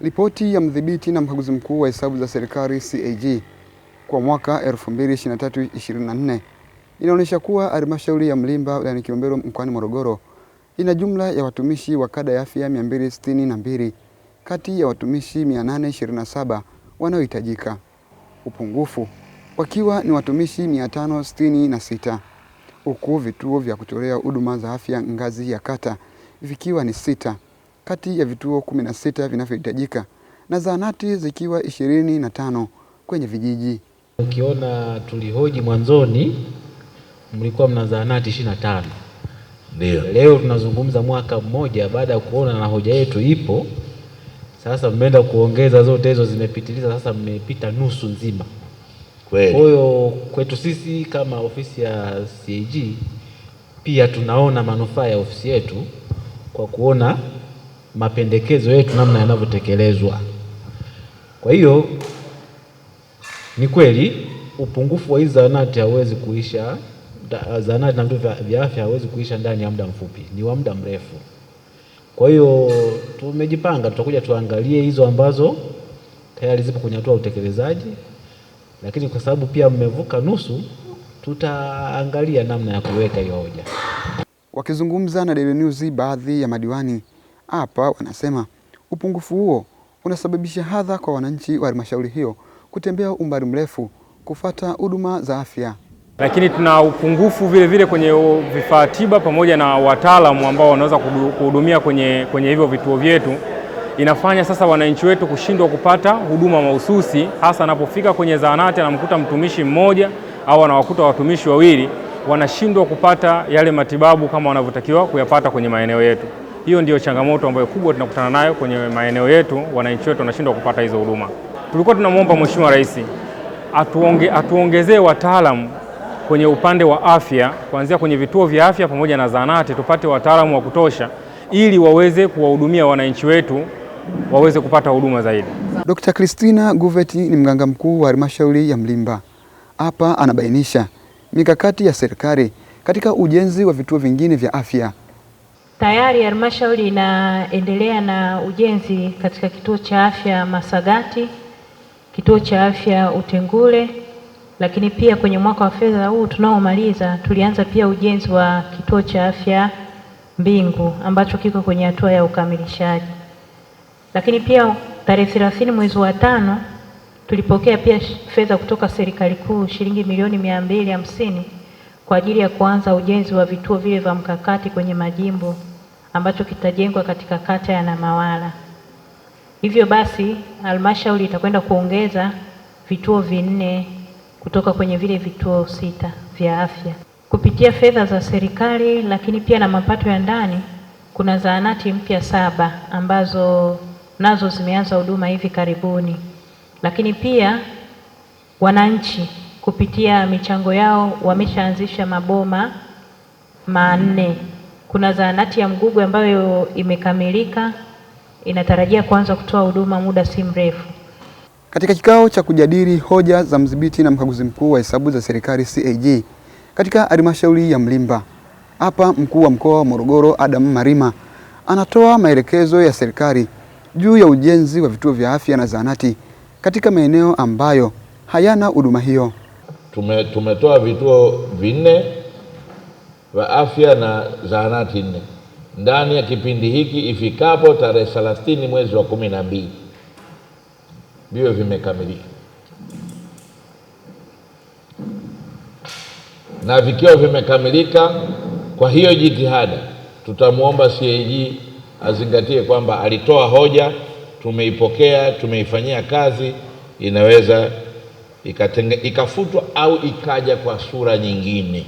Ripoti ya mdhibiti na mkaguzi mkuu wa hesabu za serikali CAG kwa mwaka 2023/2024 inaonyesha kuwa halmashauri ya Mlimba wilayani Kilombero mkoani Morogoro ina jumla ya watumishi wa kada ya afya 262 kati ya watumishi 827 wanaohitajika, upungufu wakiwa ni watumishi 566 huku vituo vya kutolea huduma za afya ngazi ya kata vikiwa ni sita kati ya vituo 16 vinavyohitajika na zahanati zikiwa ishirini na tano kwenye vijiji. Ukiona tulihoji mwanzoni, mlikuwa mna zahanati ishirini na tano. Ndio. Leo tunazungumza mwaka mmoja baada ya kuona na hoja yetu ipo sasa, mmeenda kuongeza zote hizo, zimepitiliza sasa, mmepita nusu nzima. Kwa hiyo kwetu sisi kama ofisi ya CAG pia tunaona manufaa ya ofisi yetu kwa kuona mapendekezo yetu namna yanavyotekelezwa. Kwa hiyo ni kweli upungufu wa hizi zahanati hauwezi kuisha, zahanati na vituo vya afya hauwezi kuisha ndani ya muda mfupi, ni wa muda mrefu. Kwa hiyo tumejipanga, tutakuja tuangalie hizo ambazo tayari zipo kwenye hatua ya utekelezaji, lakini kwa sababu pia mmevuka nusu, tutaangalia namna ya kuweka hiyo hoja. Wakizungumza na Daily News, baadhi ya madiwani hapa wanasema upungufu huo unasababisha hadha kwa wananchi wa halmashauri hiyo kutembea umbali mrefu kufata huduma za afya. Lakini tuna upungufu vile vile kwenye vifaa tiba pamoja na wataalamu ambao wanaweza kuhudumia kwenye, kwenye hivyo vituo vyetu. Inafanya sasa wananchi wetu kushindwa kupata huduma mahususi, hasa anapofika kwenye zahanati anamkuta mtumishi mmoja au anawakuta watumishi wawili, wanashindwa kupata yale matibabu kama wanavyotakiwa kuyapata kwenye maeneo yetu. Hiyo ndiyo changamoto ambayo kubwa tunakutana nayo kwenye maeneo yetu, wananchi wetu wanashindwa kupata hizo huduma. Tulikuwa tunamwomba Mheshimiwa Rais atuonge, atuongezee wataalamu kwenye upande wa afya, kuanzia kwenye vituo vya afya pamoja na zahanati, tupate wataalamu wa kutosha ili waweze kuwahudumia wananchi wetu waweze kupata huduma zaidi. Dr. Christina Guveti ni mganga mkuu wa halmashauri ya Mlimba. Hapa anabainisha mikakati ya serikali katika ujenzi wa vituo vingine vya afya Tayari halmashauri inaendelea na ujenzi katika kituo cha afya Masagati, kituo cha afya Utengule, lakini pia kwenye mwaka wa fedha huu tunaomaliza tulianza pia ujenzi wa kituo cha afya Mbingu ambacho kiko kwenye hatua ya ukamilishaji. Lakini pia tarehe 30 mwezi wa tano tulipokea pia fedha kutoka serikali kuu shilingi milioni mia mbili hamsini kwa ajili ya kuanza ujenzi wa vituo vile vya mkakati kwenye majimbo ambacho kitajengwa katika kata ya Namawala. Hivyo basi halmashauri itakwenda kuongeza vituo vinne kutoka kwenye vile vituo sita vya afya kupitia fedha za serikali, lakini pia na mapato ya ndani. Kuna zahanati mpya saba ambazo nazo zimeanza huduma hivi karibuni, lakini pia wananchi kupitia michango yao wameshaanzisha maboma manne. Kuna zahanati ya Mgugwe ambayo imekamilika inatarajia kuanza kutoa huduma muda si mrefu. Katika kikao cha kujadili hoja za mdhibiti na mkaguzi mkuu wa hesabu za serikali CAG katika halmashauri ya Mlimba, hapa mkuu wa mkoa wa Morogoro Adam marima anatoa maelekezo ya serikali juu ya ujenzi wa vituo vya afya na zahanati katika maeneo ambayo hayana huduma hiyo tume, tumetoa vituo vinne vya afya na zahanati nne ndani ya kipindi hiki ifikapo tarehe thelathini mwezi wa kumi na mbili viwe vimekamilika, na vikiwa vimekamilika, kwa hiyo jitihada, tutamwomba CAG azingatie kwamba alitoa hoja, tumeipokea, tumeifanyia kazi, inaweza ikafutwa au ikaja kwa sura nyingine.